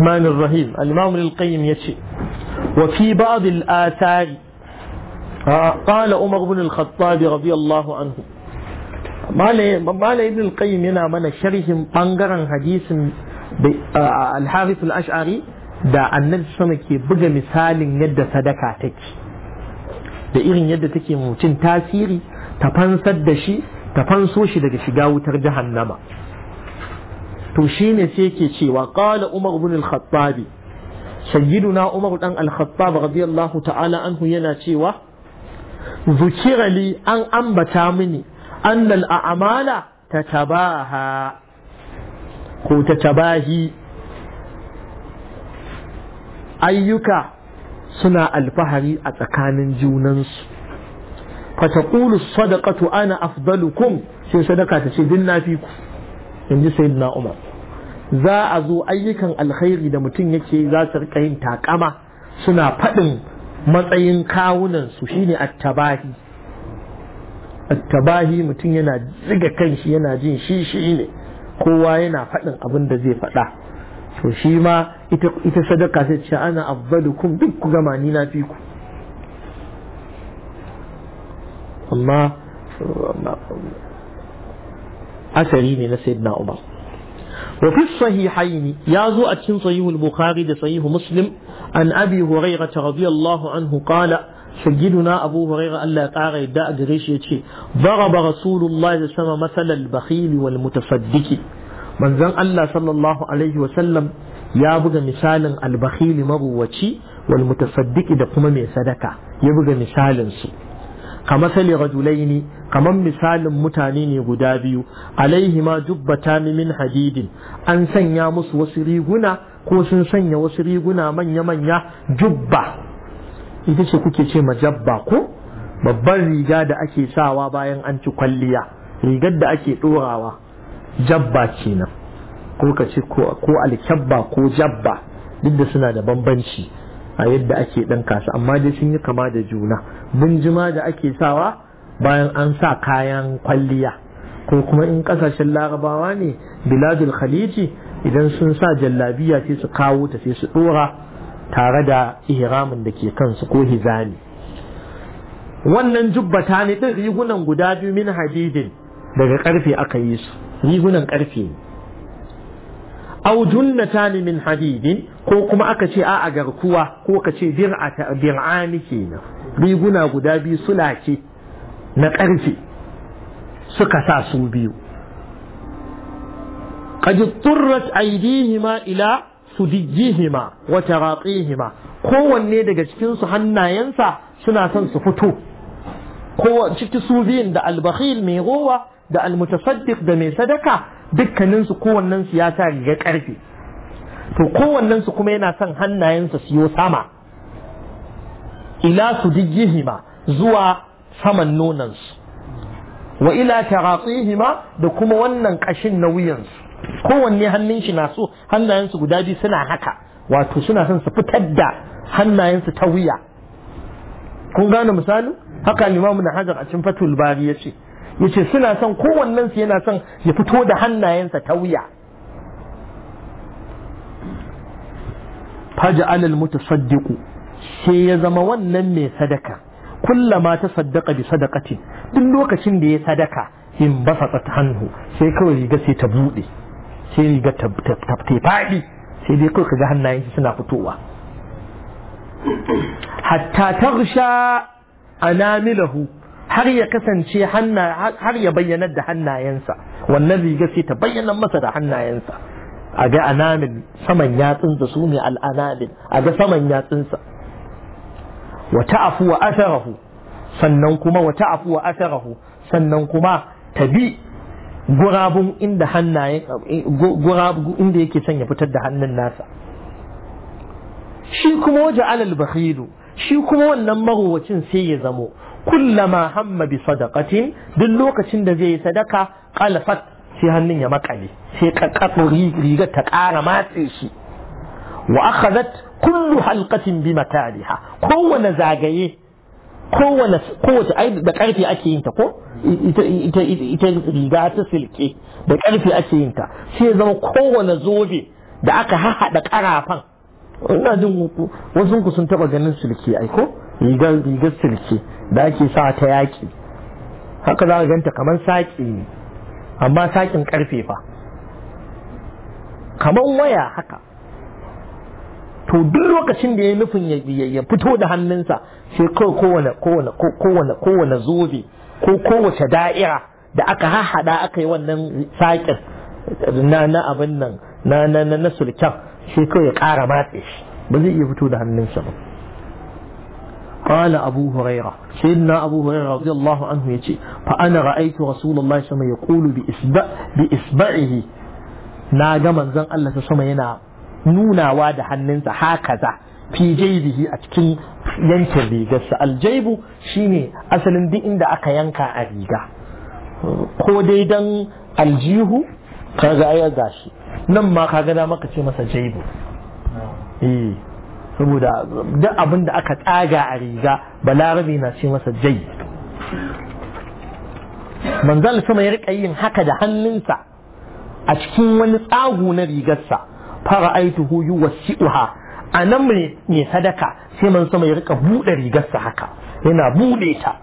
الرحمن الرحيم الإمام القيم يتشي وفي بعض الآثار قال عمر بن الخطاب رضي الله عنه ما لا ابن القيم ينا من شرح بانغرا حديث الحارث الأشعري da annabi sama ke buga misalin yadda sadaka take da irin yadda take mutum tasiri ta fansar da shi ta fanso shi daga shiga wutar jahannama to shine sai yake cewa ƙala umar ibn al-khattab sayyiduna umar dan al-khattab radiyallahu ta'ala anhu yana cewa zukira li an ambata mini annal a'mala tatabaha ko tatabahi ayyuka suna alfahari a tsakanin junansu fataqulu sadaqatu ana afdalukum sai sadaka ta ce din na fi ku in ji na umar za a zo ayyukan alkhairi da mutum yake za su rika yin takama suna faɗin matsayin kawunan su shine attabahi attabahi mutum yana ziga kanshi yana jin shi shi ne kowa yana faɗin abin da zai faɗa to shi ma ita sadaka sai ce ana afdalukum duk ku gama ni na fi ku amma asari ne na sayyidina umar wa fi sahihaini ya zo a cikin sahihul bukhari da sahihu muslim an abi hurairah radiyallahu anhu qala سيدنا أبو هريرة ألا تعالى يدعى قريش يتشي ضرب رسول الله صلى مثل البخيل والمتصدق من زن الله صلى الله عليه وسلم يابغى مثالا البخيل مروتشي والمتصدق دقم من صدقة يبغى مثالا سوء kama sali rajulaini kaman misalin mutane ne guda biyu alaihi ma jubbata min hadidin an sanya musu wasu riguna ko sun sanya wasu riguna manya-manya jubba ita ce kuke ce majabba ko babban riga da ake sawa bayan an ci kwalliya rigar da ake ɗorawa jabba kenan ko ka ce ko alkyabba ko jabba duk da suna da bambanci a yadda ake dan su amma dai sun yi kama da juna mun jima da ake sawa bayan an sa kayan kwalliya ko kuma in ƙasashen larabawa ne biladul khaliji idan sun sa jallabiya sai su kawo ta sai su ɗora tare da ihramin da ke kansu ko hizami wannan jubbata ne din rigunan guda biyu min hadidin daga karfe aka yi su rigunan karfe. ne aw junnatan min hadidin ko kuma aka ce a'a garkuwa ko ka ce bir'ata bir'ani kenan riguna guda biyu sulake na ƙarfe suka sa su biyu قد turrat aydihima ila sudijihima wa taratihima kowanne daga cikin su hannayensa suna son su fito ko ciki su biyun da albakhil mai gowa da almutasaddiq da mai sadaka dukkanin su kowannen su ya sa riga karfe to kowannen su kuma yana son hannayensa su sama ila su dijihima zuwa saman su wa ila taratihima da kuma wannan kashin na wuyansu kowanne hannun shi na so hannayensu guda biyu suna haka wato suna son su fitar da hannayensu ta wuya kun gane misali haka limamu na hajar a cikin fatul bari ya ce yace suna son kowannen su yana son ya fito da hannayensa ta wuya alal al-mutasaddiq sai ya zama wannan mai sadaka kullama ta saddaka bi sadaqatin duk lokacin da ya sadaka in tsata hannu sai kawai riga sai ta buɗe sai riga ta faɗi sai dai kawai kaga hannayen shi suna fitowa hatta tarsha anamilahu har ya kasance har ya bayyanar da hannayensa wannan riga sai ta bayyana masa da hannayensa a ga anamin saman yatsunsa su ne al'anamin a ga saman yatsunsa wa ta'afu wa asharahu sannan kuma wa ta'afu wa asharahu sannan kuma ta bi gurabun inda hannaye gurabu inda yake son ya fitar da hannun nasa shi kuma waje alal bakhilu shi kuma wannan marowacin sai ya zamo kullama hamma bi sadaqatin duk lokacin da zai yi sadaka qalfat sai hannun ya makale sai kakkaɓo rigar ta ƙara matse shi wa akhadhat kullu halqatin bi mataliha kowane zagaye kowane kowace ai da karfi ake yin ta ko ita ita riga ta silke da karfi ake yin ta sai zama kowane zobe da aka hahada karafan ina jin wasu ku sun taba ganin silke ai ko rigar silke da ake sa ta yaƙi haka za ka ganta kamar saƙi ne amma saƙin ƙarfe fa kamar waya haka to duk lokacin da ya nufin ya fito da hannunsa sai kawai kowane zobe ko kowace da'ira da aka hahada aka yi wannan saƙin na na abin nan na na na sulken sai kawai ya ƙara matse shi ba zai iya fito da hannunsa ba Malu Abu Huwaira, Sayidina Abu Huwaira, alzuya da ɗan Alahu anhu ya ce, fa'anarra, aiki Rasulallah sama ya ƙula bi isba'ehi. Na gama zan Allah sama yana nunawa da hannunsa haka za, fi je a cikin yankin riga. Aljaybu shine asalin bi'in inda aka yanka a riga. Ko dai dan Aljihu ka ga shi. Nan ma ka ga da muka ci masa eh saboda duk abin da aka tsaga a riga balarabe na ce masa jai manzal sama ya rika yin haka da hannunsa a cikin wani tsago na rigarsa fara aituhu yuwassi'uha a nan mai sadaka sai man sama ya rika buɗe rigarsa haka yana buɗe ta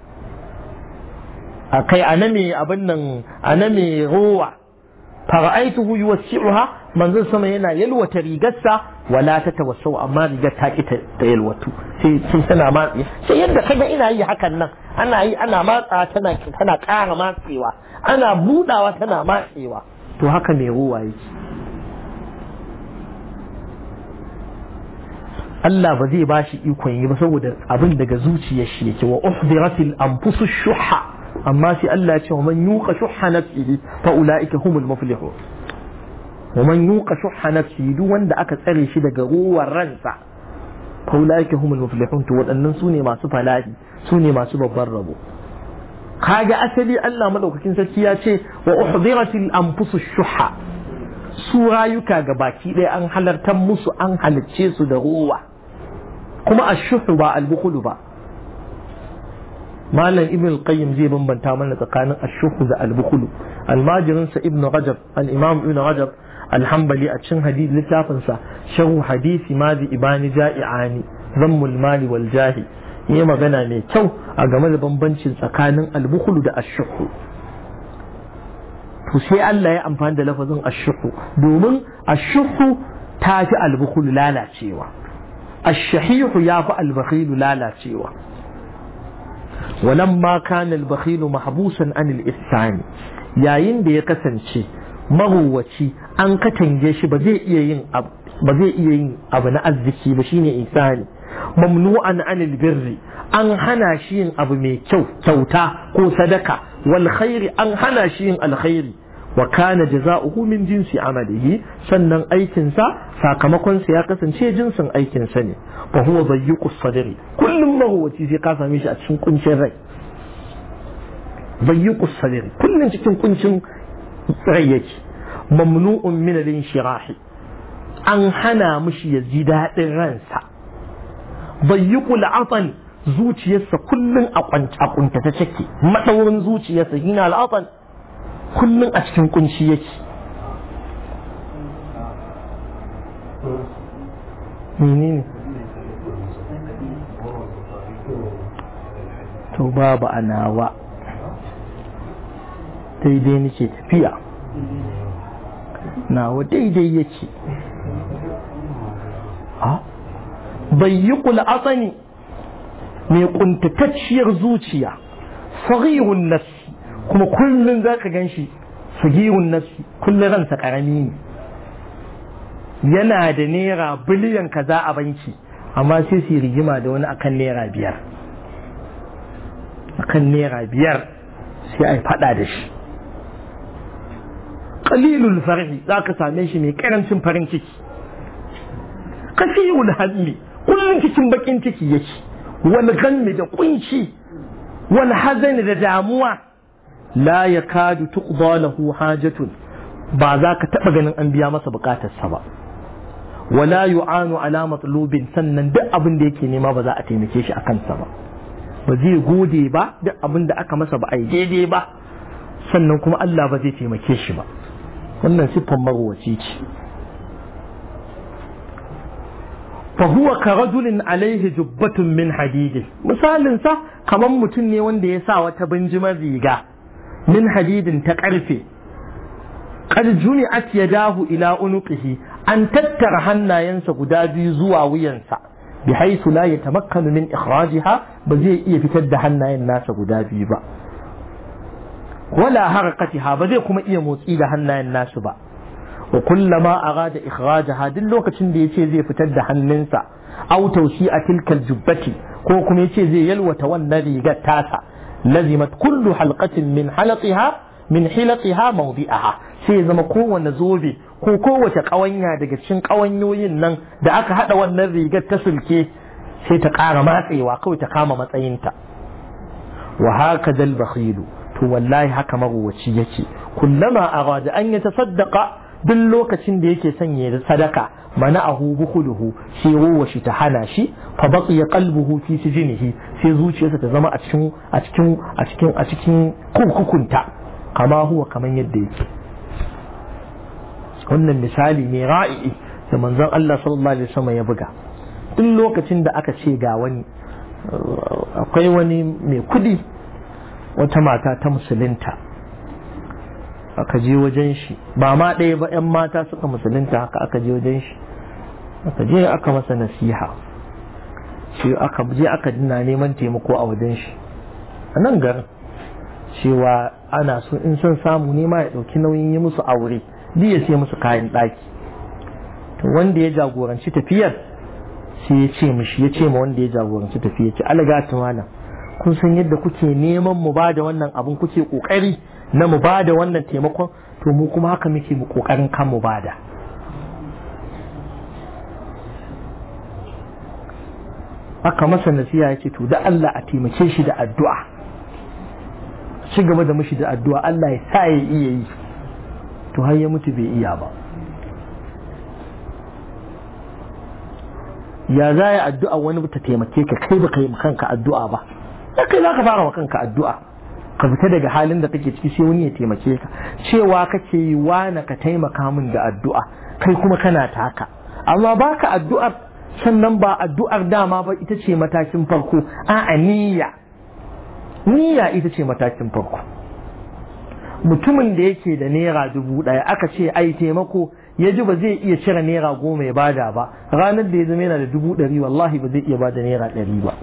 a kai a nan mai abin nan a nan mai rowa fara aituhu yuwassi'uha manzon sama yana yalwata rigarsa wala ta tawassau amma rigar ta ki ta yalwatu sai sun tana matsi sai yadda kaga ina yi hakan nan ana yi ana matsa tana tana ƙara matsewa ana budawa tana matsewa to haka me ruwa yake Allah ba zai bashi ikon yi ba saboda abin daga zuciyar shi yake wa uhdiratil anfusu shuha amma sai Allah ya ce wa man yuqa shuha nafsihi fa ulaika humul muflihun wa man yuqa shuhha nafsi duk wanda aka tsare shi daga ruwan ransa faulaika humul muflihun to waɗannan ne masu falahi sune masu babban rabo kaga asali Allah madaukakin sarki ya ce wa uhdiratil anfusu shuhha su rayuka ga baki ɗaya an halartar musu an halarci su da ruwa kuma ashuhu ba albukhulu ba malam ibn qayyim zai bambanta mana tsakanin ashuhu da albukhulu almajirin sa ibn rajab imam rajab alhambali a cin hadith littafinsa sharhu hadisi ma bi ibani ja'i'ani zammul mali wal jahi yi magana mai kyau a game da bambancin tsakanin albukhulu da ashuhu to sai Allah ya amfani da lafazin ashuhu domin ashuhu ta fi albukhulu lalacewa ashahihu ya fi albakhilu lalacewa ولما كان البخيل محبوسا عن الإحسان yayin da ya kasance maruwaci an katange shi ba zai iya yin ba zai iya yin abu na arziki ba shine insani mamnu'an anil birri an hana shi yin abu mai kyau kyauta ko sadaka wal khairi an hana shi yin alkhairi wa kana jaza'uhu min jinsi amalihi sannan aikin sa sakamakon sa ya kasance jinsin aikin sa ne fa huwa dayyuqu sadri kullum mahuwaci sai ka same shi a cikin kuncin rai dayyuqu sadri kullum cikin kuncin rai yake mamnu'un min al-inshirahi an hana mishi ya ji dadin ransa bayyukul atan zuciyarsa kullum a kwanta ta take madaurin zuciyarsa hina al'atan kullum a cikin kunci yake menene to babu anawa daidai nake tafiya nawa daidai yake bai yi kul'asani mai kuntatacciyar zuciya sahihun nasi, kuma kullum za ka gan shi sahihun nasi kullum ransa karami ne yana da naira biliyan kaza a banki amma sai su rigima da wani akan naira biyar akan naira biyar sai a yi fada da shi qalilul farhi zaka same shi mai karancin farin ciki kasirul hazmi kullun cikin bakin ciki yake wal ghammi da kunci wal hazan da damuwa la yakadu tuqda lahu hajatun ba za ka taɓa ganin an biya masa bukatarsa ba wala yu'anu ala matlubin sannan duk abin da yake nema ba za a taimake shi a kansa ba ba zai gode ba duk abin da aka masa ba a daidai ba sannan kuma Allah ba zai taimake shi ba wannan siffar marwaci ce fahuwa ka rajulin alaihi jubbatun min hadidi misalinsa kamar mutum ne wanda ya sa wata binjimar riga min hadidin ta ƙarfe ƙarjuni at ya dahu ila unuqihi an tattara hannayensa guda biyu zuwa wuyansa bi haisu la yatamakkanu min ikhrajiha ba zai iya fitar da hannayen nasa guda biyu ba wala harakatiha ba zai kuma iya motsi da hannayen nasu ba wa kullama arada ikhrajaha duk lokacin da yace zai fitar da hannunsa aw a tilkal jubbati ko kuma yace zai yalwata wannan rigar tasa lazimat kullu halqatin min halatiha min hilatiha mawdi'aha sai ya zama kowane zobe ko kowace ƙawanya daga cikin ƙawanyoyin nan da aka haɗa wannan rigar ta sulke sai ta ƙara matsewa kawai ta kama matsayinta wa haka dal bakhilu to wallahi haka maruwaci yake kullama arada an yatasaddaqa duk lokacin da yake son ya sadaka mana ahu bukhuluhu sai ruwa shi ta hana shi fa baqiya qalbuhu fi jinihi. sai zuciyarsa ta zama a cikin a cikin a cikin a cikin kurkukunta kama huwa kaman yadda yake wannan misali ne ra'i da manzon Allah sallallahu alaihi wasallam ya buga duk lokacin da aka ce ga wani akwai wani mai kudi wata mata ta musulunta aka je wajen shi ba ma ɗaya ba 'yan mata suka musulunta haka aka je wajen shi aka je aka masa nasiha shi aka je aka dina neman taimako a wajen shi a nan garin cewa ana so in son samu nema ya ɗauki nauyin yi musu aure duk ya sai musu kayan ɗaki to wanda ya jagoranci tafiyar sai ya ce mishi ya ce ma wanda ya jagoranci tafiyar ce alaga malam kun san yadda kuke neman mu ba da wannan abin kuke kokari na mu ba da wannan taimakon to mu kuma haka muke mu kokarin kan mu ba da aka masa nasiha yake to da Allah a taimake shi da addu'a shi gaba da mushi da addu'a Allah ya sa ya iya yi to har ya mutu bai iya ba ya za ya addu'a wani ta taimake ka kai ba ka yi kanka addu'a ba da kai za ka fara wa kanka addu'a ka fita daga halin da kake ciki sai wani ya taimake ka cewa kake yi na ka taimaka min da addu'a kai kuma kana taka amma ba ka addu'ar sannan ba addu'ar dama ba ita ce matakin farko a'a niyya ita ce matakin farko mutumin da yake da naira dubu daya aka ce ai taimako ya ji ba zai iya cire naira goma ya bada ba ranar da ya zama yana da dubu dari wallahi ba zai iya bada naira dari ba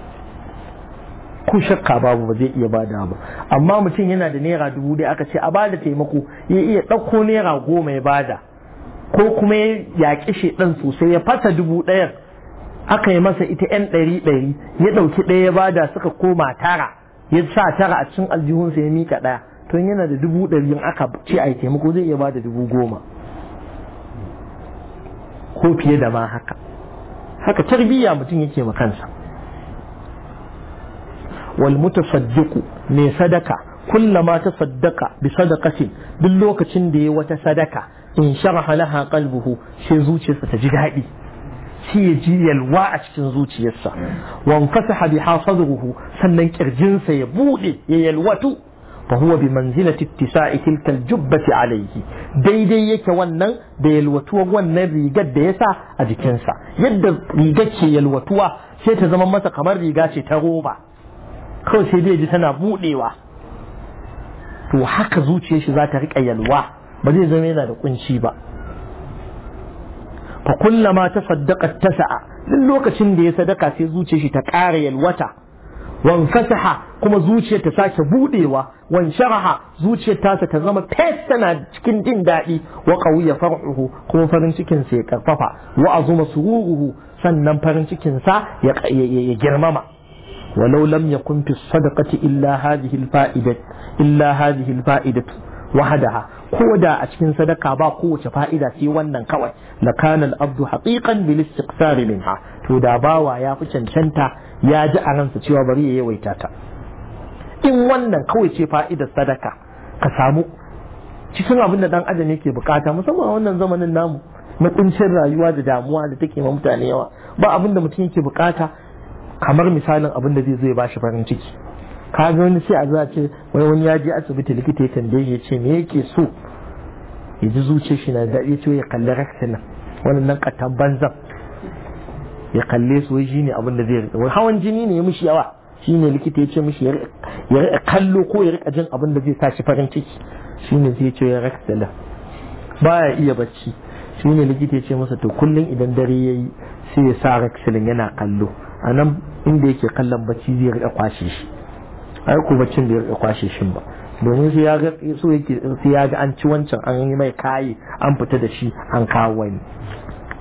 ko shakka babu ba zai iya bada ba amma mutum yana da naira dubu dai aka ce a bada taimako ya iya ɗauko naira goma ya bada ko kuma ya yaƙi ɗan sosai ya fasa dubu ɗaya aka yi masa ita yan ɗari ɗari ya ɗauki ɗaya ya bada suka koma tara ya sa tara a cikin aljihunsa ya mika ɗaya to yana da dubu ɗari in aka ce a yi taimako zai iya bada dubu goma ko fiye da ma haka haka tarbiyya mutum yake ma kansa wal mutasaddiqu mai sadaka kullama tasaddaqa bi sadaqatin duk lokacin da ya wata sadaka in sharaha laha qalbuhu sai zuciyarsa ta ji daɗi shi ya ji yalwa a cikin zuciyarsa wan fasaha bi hasadruhu sannan ƙirjinsa ya bude ya yalwatu fa huwa bi manzilati ittisa'i tilka aljubbati alayhi daidai yake wannan da yalwatuwa wannan rigar da yasa a jikinsa yadda rigar ke yalwatuwa sai ta zama masa kamar riga ce ta roba kawai sai dai ji tana buɗewa to haka zuciyar shi za ta riƙa yalwa ba zai zama yana da kunci ba fa kullama tasaddaqat tasa'a duk lokacin da ya sadaka sai zuciyar shi ta ƙara yalwata wan fasaha kuma zuciyar ta sake buɗewa, wan sharaha zuciyar tasa ta zama fes tana cikin jin daɗi wa qawiya far'uhu kuma farin cikin sa ya karfafa wa azuma sururuhu sannan farin cikin sa ya girmama ولو لم يكن في الصدقة إلا هذه الفائدة إلا هذه الفائدة وحدها كودا أشكن صدقة باقوة فائدة في ونن كوي لكان الأرض حقيقا بالاستقصار منها تودا باوا يا فشن شنتا يا bari ya بريه ويتاتا in wannan kawai ce fa'idar sadaka ka samu cikin abin da dan adam yake bukata musamman a wannan zamanin namu na kuncin rayuwa da damuwa da take ma mutane yawa ba abin da mutum yake bukata kamar misalin abin da zai zo ya bashi farin ciki ka ga wani sai a za ce wai wani ya je asibiti likita ya tambaye ya ce me yake so ya ji zuciyar shi na daɗi ce ya kalli wani nan katan banzan ya kalle su wai ne abin da zai rika hawan jini ne ya mishi yawa Shi ne likita ya ce mishi ya rika kallo ko ya rika jin abin da zai sa shi farin ciki ne zai ce ya ba baya iya bacci ne likita ya ce masa to kullum idan dare ya yi sai ya sa raktilin yana kallo a nan inda yake kallon bacci zai riƙa kwashe shi ai ku baccin da ya riƙa kwashe shi ba domin sai ya ga so yake sai ya ga an ci wancan an yi mai kayi an fita da shi an kawo wani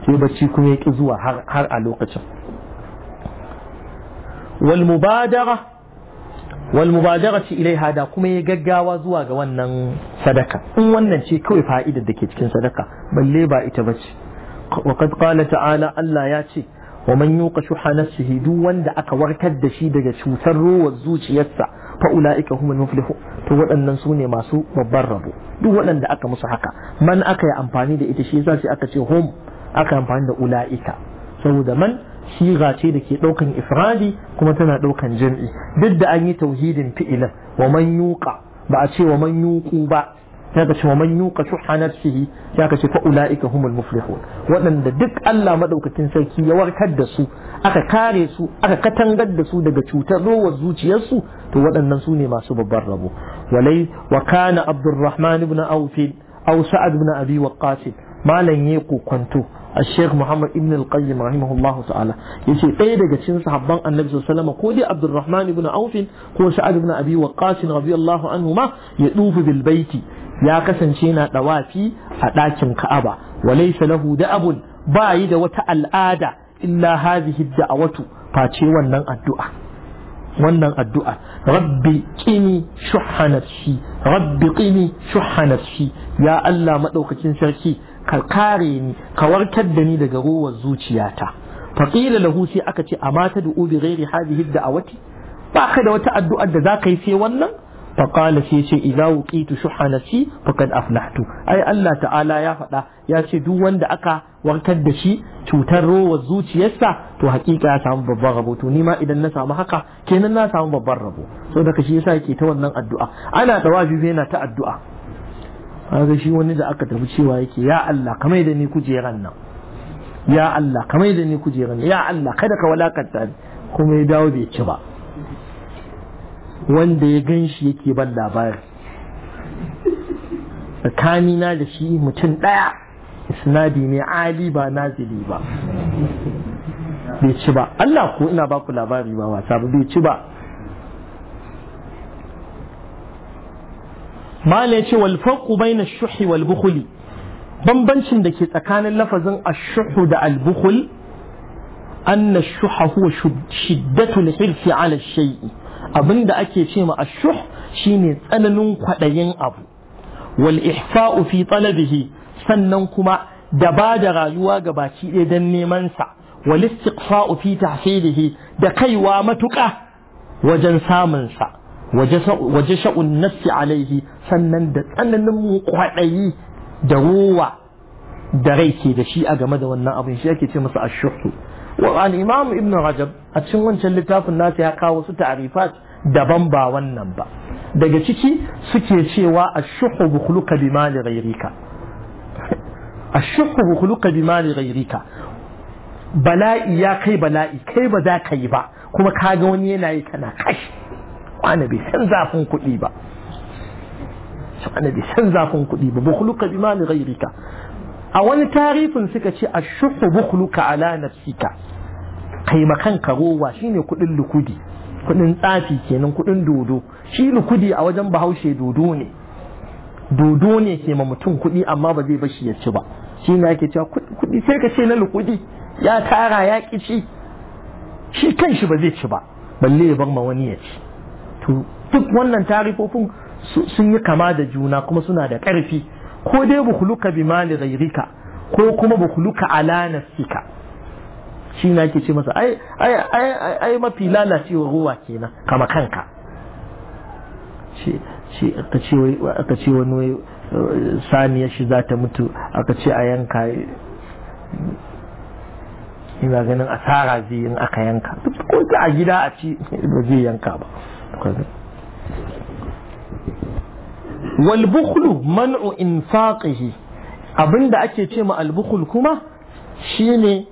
Ke bacci kuma ya zuwa har a lokacin wal mubadara wal mubadara ci ilai hada kuma ya gaggawa zuwa ga wannan sadaka in wannan ce kawai fa'idar da ke cikin sadaka balle ba ita bace wa qad qala ta'ala Allah ya ce ومن يوق شح نفسه دون دعك وركد شيدة شوثر والزوج يسع فأولئك هم المفلح تقول أن ننسوني ما سوء وبرروا دون دعك مصحك من أكا يأمباني دي إتشيزا سي أكا شي هم أكا يأمباني دي أولئك سوء دا من شيغا شيدة كي دوكن إفرادي كما تنا دوكن جمعي ضد أني توهيد فئلا ومن يوق بعد شي ومن يوق بعد ya ka wa man yuqa shuha nafsihi ya kashe fa ulaika humul muflihun waɗanda duk Allah madaukakin sarki ya warkar da su aka kare su aka katangar da su daga cutar rowar zuciyarsu to waɗannan su ne masu babban rabo walai wa kana abdurrahman ibn auf aw sa'ad ibn abi waqqas malan ya kwanto الشيخ محمد ابن القيم رحمه الله تعالى يشي ɗaya daga cikin sahabban annabi sallallahu alaihi ko dai Abdurrahman ibn Auf ko Sa'ad ibn Abi Waqqas radiyallahu anhuma ya dufu bilbaiti. ya kasance na dawafi a ɗakin Ka'aba wa laysa lahu abun ba yi da wata al'ada illa hadhihi da'awatu face wannan addu'a wannan addu'a rabbi qini shuhha nafsi rabbi qini shuhha nafsi ya Allah madaukakin sarki ka kare ni ka warkar da ni daga ruwar zuciyata faqila lahu sai aka ce amata ta bi ghairi hadhihi da'awati ba ka da wata addu'ar da zaka yi sai wannan فقال سي سي إذا وقيت شح نفسي فقد أفلحت أي الله تعالى يا فدا يا سي دو وند أكا warkar da shi cutar rowar zuciyarsa to hakika ya samu babban rabo to nima idan na samu haka kenan na samu babban rabo so daga shi yasa yake ta wannan addu'a ana tawafi yana ta addu'a kaga shi wani da aka tafi cewa yake ya Allah kamar da ni kujeran nan ya Allah kamar da ni kujeran ya Allah kada ka walakanta kuma ya dawo bai ci ba wanda ya gan shi yake ban labari tsakanina da shi mutum ɗaya sinadi ne ali ba nazili ba bai ci ba Allah ko ina baku labari ba wasa ba bai ci ba malai ce wal bai na shuhi wal bambancin da ke tsakanin lafazin ashuhu da al an na shuha huwa shiddatu al hirsi ala shai'i abinda ake ce ma ashuh shine tsananin kwaɗayin abu wal ihfa'u fi talabihi sannan kuma da ba da rayuwa ga baki ɗaya don neman sa wal istiqfa'u fi tahsilihi da kaiwa matuƙa wajen samun sa waje sha'un nafsi alaihi sannan da tsananin kwaɗayi da ruwa da rai ke da shi a game da wannan abin shi ake ce masa ashuhu wa al-imam ibn rajab a cikin wancan littafin nasa ya kawo su ta'rifat daban ba wannan ba daga ciki suke cewa ashuhu bukhluka bi mali ghayrika ashuhu bukhluka bi mali ghayrika bala'i ya kai bala'i kai ba za ka yi ba kuma ka ga wani yana yi kana kashi wani bai san zafin kuɗi ba wani bai san zafin kuɗi ba bukhluka bi mali ghayrika a wani tarifin suka ce ashuhu bukhluka ala nafsika kai makan karowa shine kuɗin lukudi kudin tsafi kenan kudin dodo shi kudi a wajen bahaushe dodo ne dodo ne ke ma mutum kudi amma ba zai bashi ya ci ba shi ne ake cewa kudi sai ka ce na lukudi ya tara ya ki ci shi kan shi ba zai ci ba balle ya bar ma wani ya ci to duk wannan tarifofin sun yi kama da juna kuma suna da karfi ko dai bukuluka bi mali ghayrika ko kuma bukuluka ala nafsika shi na ke ce masa ai mafi lalacewa ruwa kenan kama kanka aka ce wani eh, saniya shi za ta mutu aka ce a yanka ina ganin asara zai in aka yanka ko ta a gida a ci ba zai yanka ba wal man'u infaqihi abinda ake ce ma al kuma shine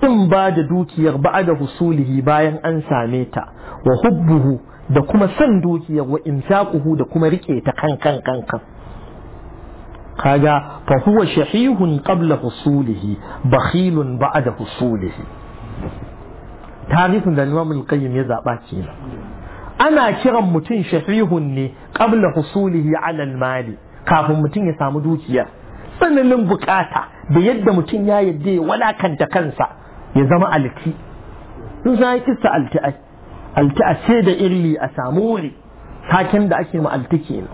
Kin ba da dukiyar ba da husulihi bayan an same ta wa hubbuhu da kuma san dukiyar wa imsaquhu da kuma riƙe ta kankan kankan kaga fa huwa shahihun qabla husulihi bakhilun ba'da husulihi tarifin da Imam al-Qayyim ya zaba kenan ana kiran mutum shahihun ne qabla husulihi ala al-mali kafin mutum ya samu dukiya tsananin bukata da yadda mutum ya yadda ya walakanta kansa ya zama alti sun sa yi kista alti a alti a ce da irli a samu wuri Saken da ake ma alti kenan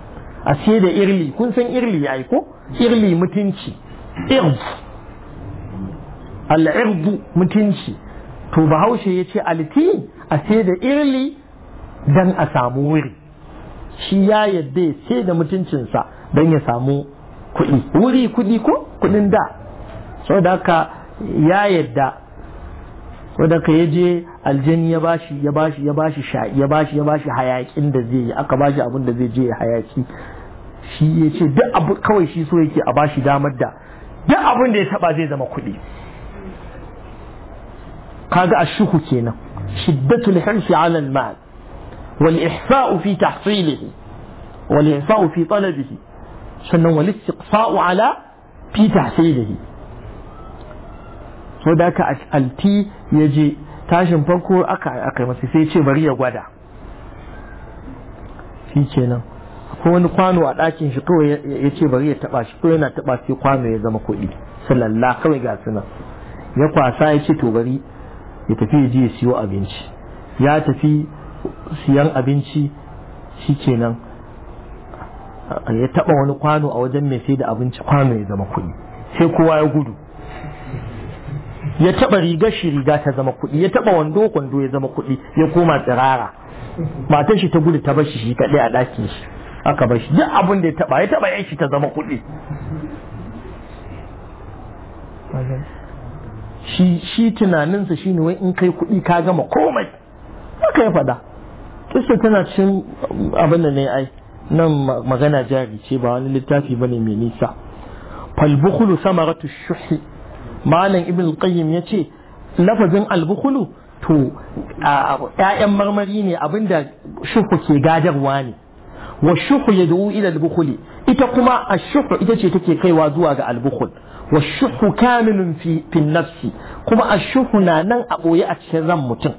a ce da irli kun san irli ya ko irli mutunci irb al'irbu mutunci to bahaushe ya ce alti a ce da irli dan a samu wuri shi ya yadda ya ce da mutuncinsa don ya samu kuɗi wuri kuɗi ko kuɗin da sau da ka ya yadda wanda ka yaje aljani ya bashi ya bashi ya bashi ya bashi ya bashi hayakin da zai yi aka bashi abin da zai je ya hayaki shi ya ce duk abu kawai shi so yake a bashi damar da duk abin da ya taba zai zama kuɗi kaga ashuku kenan shiddatul hirsi ala al-mal wal ihsa'u fi tahsilihi wal ihsa'u fi talabihi sannan wal istiqsa'u ala fi tahsilihi so da ka alti ya je tashin farko aka aka masa sai ce bari ya gwada shi kenan ko wani kwano a ɗakin shi kawai ya ce bari ya taba shi ko yana taba sai kwano ya zama kuɗi sallallahu kawai ga suna ya kwasa ya ce to bari ya tafi ya je ya siyo abinci ya tafi siyan abinci shi kenan ya taba wani kwano a wajen mai sai da abinci kwano ya zama kuɗi sai kowa ya gudu ya taba riga shi riga ta zama kuɗi ya taba wando kwando ya zama kuɗi ya koma tsirara matar shi ta gudu ta bar shi shi kaɗai a ɗakin shi aka bar shi duk abin da ya taba ya taba yan shi ta zama kuɗi shi shi tunaninsa shine wai in kai kuɗi ka gama komai haka ya faɗa kisa tana cin abin da ne ai nan magana jari ce ba wani littafi bane mai nisa falbukhulu samaratu shuhi malam ibn qayyim ya ce lafazin albukulu to ‘ya'yan marmari ne abinda shuhu ke gadarwa ne wa shuhu ya da'u ila albukhuli ita kuma a shuhu ita ce take kaiwa zuwa ga albukhul wa shuhu kamilun fi nafsi kuma a shuhu na nan a ɓoye a cikin ran mutum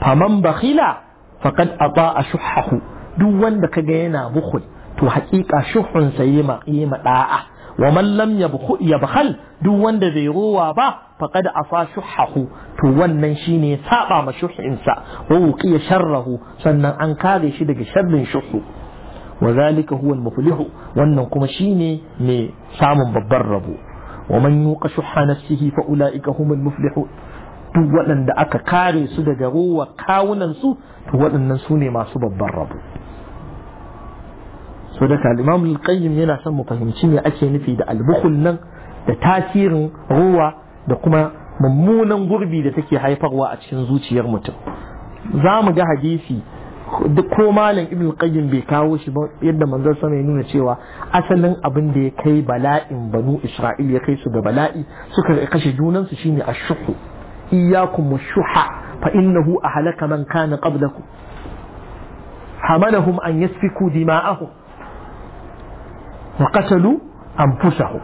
faman bakhila faqad ata a shuhahu duk wanda kaga yana bukhul to haƙiƙa shuhun ya yi ma da'a wa man ya yabkhal duk wanda bai rowa ba faqad afa shuhahu to wannan shine saba ma shuhinsa wa ya sharrahu sannan an kare shi daga sharrin shuhu wa zalika huwa al-muflihu wannan kuma shine mai samun babban rabo wa man yuqa shuhha nafsihi fa ulaika humul muflihun duk waɗanda aka kare su daga rowa kawunan su to waɗannan su ne masu babban rabo so da al al-qayyim yana son mu fahimci me ake nufi da al nan da tasirin ruwa da kuma mummunan gurbi da take haifarwa a cikin zuciyar mutum za mu ga hadisi duk ko malam ibn qayyim bai kawo shi ba yadda manzon sama ya nuna cewa asalin abin da ya kai bala'in banu isra'il ya kai su ga bala'i suka kashe junan su shine ashuhu iyyakum shuha fa innahu ahlaka man kana qablakum hamalahum an yasfiku dima'ahum wa qatalu anfusahum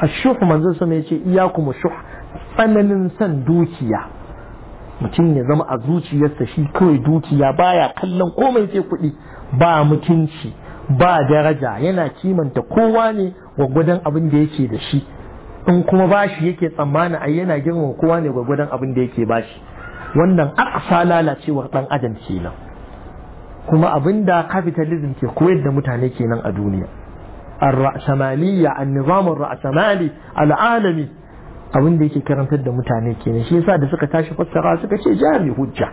ashuhu manzon sama yace iyakum shuh tsananin san dukiya mutum ya zama a zuciyarsa shi kawai dukiya baya kallon komai sai kuɗi ba mutunci ba daraja yana kimanta kowa ne gwaggwadon abin da yake da shi in kuma bashi yake tsammani ai yana girma kowa ne gwaggwadon abin da yake bashi wannan aksa lalacewar ɗan adam kenan kuma abin da capitalism ke koyar da mutane kenan a duniya ar-ra'samaliyya an-nizam ar-ra'samali al-alami abin da yake karantar da mutane kenan shi yasa da suka tashi fassara suka ce jari hujja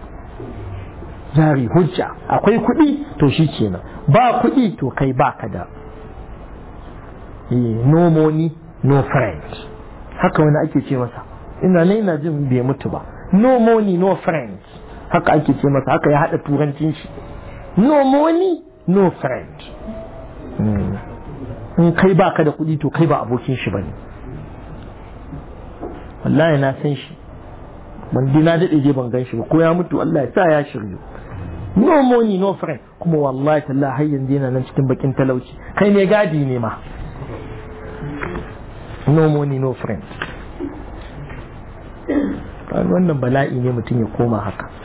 jari hujja akwai kuɗi to shi kenan ba kuɗi to kai baka da eh, no money no friend haka wani ake ce masa ina ne ina jin bai mutu ba no money no friend haka ake ce masa haka ya haɗa turancin shi no money no friend hmm. in kai baka da kuɗi to kai ba abokin shi bane wallahi na san shi ban dai na daɗe je ban gan shi ba ko ya mutu Allah ya sa ya shiryu no money no friend kuma wallahi tallahi har yanzu yana nan cikin bakin talauci kai ne gadi ne ma no money no friend wannan bala'i ne mutum ya koma haka